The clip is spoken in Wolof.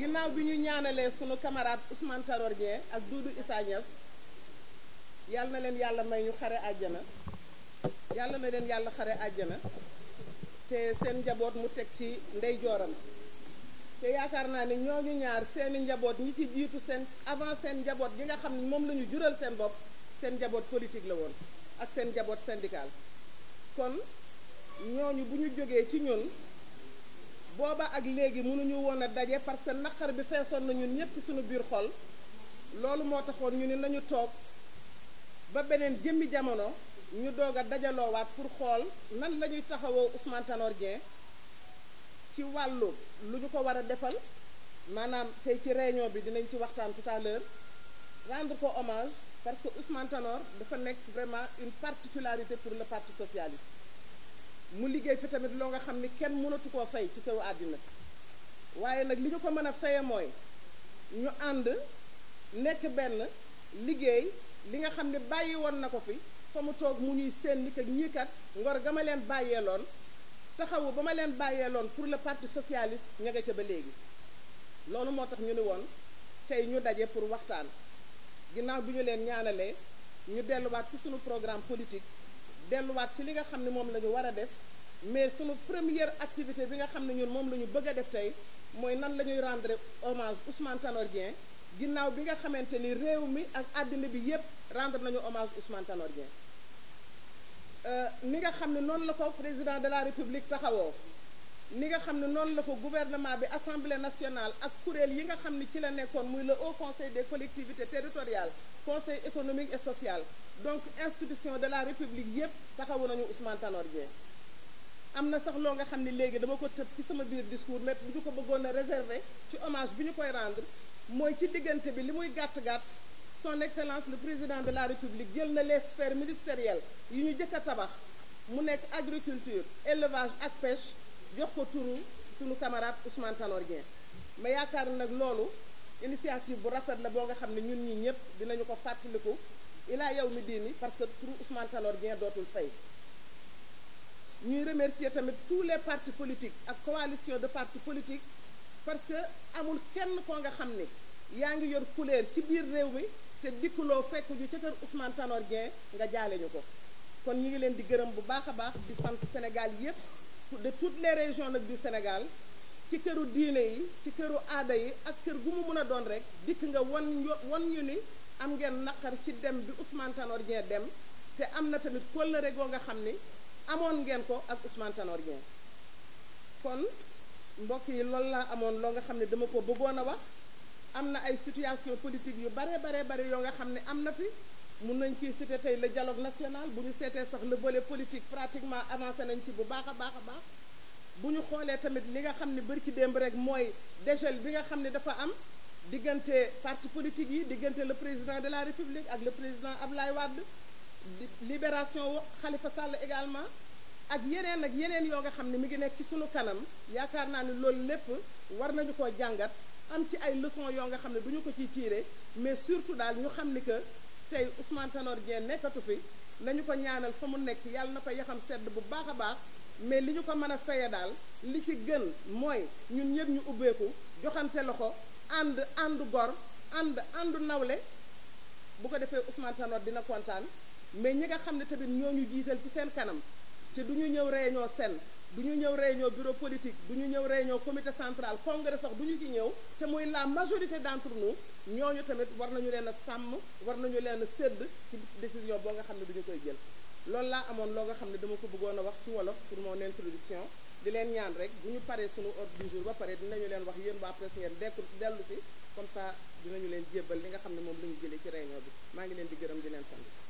ginaaw bi ñuy ñaanalee sunu camarade Ousmane Tanor Dieng ak Doudou Issa Niass yàlla na leen yàlla may ñu xare àjjana yàlla na leen yàlla xare àjjana te seen njaboot mu teg ci ndeyjooram te yaakaar naa ni ñooñu ñaar seeni njaboot ñi ci jiitu seen avant seen njaboot gi nga xam ne moom la ñu jural seen bopp seen njaboot politique la woon ak seen njaboot syndical kon ñooñu bu ñu jógee ci ñun booba ak léegi mënuñu woon a daje parce que naqar bi feesoon na ñun ñëpp suñu biir xol loolu moo taxoon ñu ni nañu toog ba beneen jëmmi jamono ñu doog a dajaloowaat pour xool nan la ñuy taxawoo Ousmane Tanor Dieng ci wàllu lu ñu ko war a defal maanaam tey ci réunion bi dinañ ci waxtaan tout à l'heure rendre ko hommage parce que Ousmane Tanor dafa nekk vraiment une particularité pour le parti socialiste mu liggéey fi tamit loo nga xam ni kenn mënatu koo fay ci kaw àddina waaye nag li ñu ko mën a faye mooy ñu ànd nekk benn liggéey li nga xam ne bàyyi woon na ko fi fa mu toog mu ñuy seen ni que ñii kat ngor ga ma leen bàyyee loon taxawu ba ma leen bàyyee loon pour le parti socialiste ña nga ca ba léegi loolu moo tax ñu ni woon tey ñu daje pour waxtaan ginnaaw bi ñu leen ñaanalee ñu delluwaat ci suñu programme politique delluwaat ci li nga xam ne moom la war a def mais sunu première activité bi nga xam ne ñun moom la ñu bëgg def tey mooy nan la ñuy rendre hommage Ousmane Tanor Dieng ginnaaw bi nga xamante ni réew mi ak àddina bi yépp rendre nañu hommage Ousmane Tanor Dieng euh, ni nga xam ne noonu la ko président de la république taxawoo ni nga xam ne noonu la ko gouvernement bi assemblée nationale ak kuréel yi nga xam ne ci la nekkoon muy le haut conseil des collectivités territoriales conseil économique et social donc institution de la république yépp taxawu nañu Ousmane am na sax loo nga xam ne léegi dama ko tëb ci sama biir discours mais bu ñu ko bëggoon a réserver ci hommage bi ñu koy rendre mooy ci diggante bi li muy gàtt gàtt son excellence le président de la république jël na les sphères ministérielles yi ñu jëkk a tabax mu nekk agriculture élevage ak pêche jox ko turu sunu camarade Ousmane Tanor Dieng ma yaakaar nag loolu initiative bu rafet la boo nga xam ne ñun ñi ñëpp dinañu ko fàttaliku ilaa yow mi diini parce que turu Ousmane Tanor Dieng dootul fay ñuy remercier tamit tous les partis politiques ak coalition de partis politiques parce que amul kenn koo nga xam ni yaa ngi yor couleur ci biir réew mi te dikkuloo fekk ñu ca kër Ousmane Tanor Dieng nga jaale ñu ko kon ñu ngi leen di gërëm bu baax a baax di sant Sénégal yépp de toutes les régions nag du Sénégal ci këru diine yi ci këru aada yi ak kër gu mu mën a doon rek dikk nga wan wan ñu ni am ngeen naqar ci dem bi Ousmane Tanor Dieng dem te am na tamit kóllëre goo nga xam ni amoon ngeen ko ak Ousmane Tanor Dieng kon mbokk yi loolu laa amoon loo nga xam ne dama ko bëggoon a wax am na ay situation politique yu bare bare bare yoo nga xam ne am na fi mun nañ ciy cité tey le dialogue national bu ñu seetee sax le volet politique pratiquement avancé nañ ci bu baax a baax a baax bu ñu xoolee tamit li nga xam ne bërki démb rek mooy dégel bi nga xam ne dafa am diggante parti politique yi diggante la président de la république ak le président Ablaye Wade libération wax Khalifa également ak yeneen ak yeneen yoo nga xam ne mi ngi nekk ci suñu kanam yaakaar naa ne loolu lépp war nañu ko jàngat am ci ay leçons yoo nga xam ne du ko ciy tiire mais surtout daal ñu xam ni que tey Ousmane Tanor Dieng nekkatu fi nañu ko ñaanal fa mu nekk yàlla na ko yaxam sedd bu baax a baax mais li ñu ko mën a feye daal li ci gën mooy ñun ñëpp ñu ubbeeku joxante loxo ànd ànd gor ànd àndu nawle bu ko defee Ousmane Tanor dina kontaan mais ñi nga xam ne tamit ñoo ñu jiital ci seen kanam te du ñu ñëw ree réunion seen du ñu ñëw ree réunion bureau politique du ñu ñëw réunion commité central congrès sax du ñu ci ñëw te muy la majorité d'entre nous ñooñu tamit war nañu leen a sàmm war nañu leen a sédd ci décision boo nga xam ne du ñu koy jël loolu laa amoon loo nga xam ne dama ko bëggoon a wax ci wolof pour moo introduction di leen ñaan rek bu ñu paree suñu ordre du jour ba pare dinañu leen wax yéen waa presse ngeen dekkul dellu si comme ça leen jébbal li nga xam ne moom la ñu jëlee ci réunion maa ngi leen di gërëm di leen sant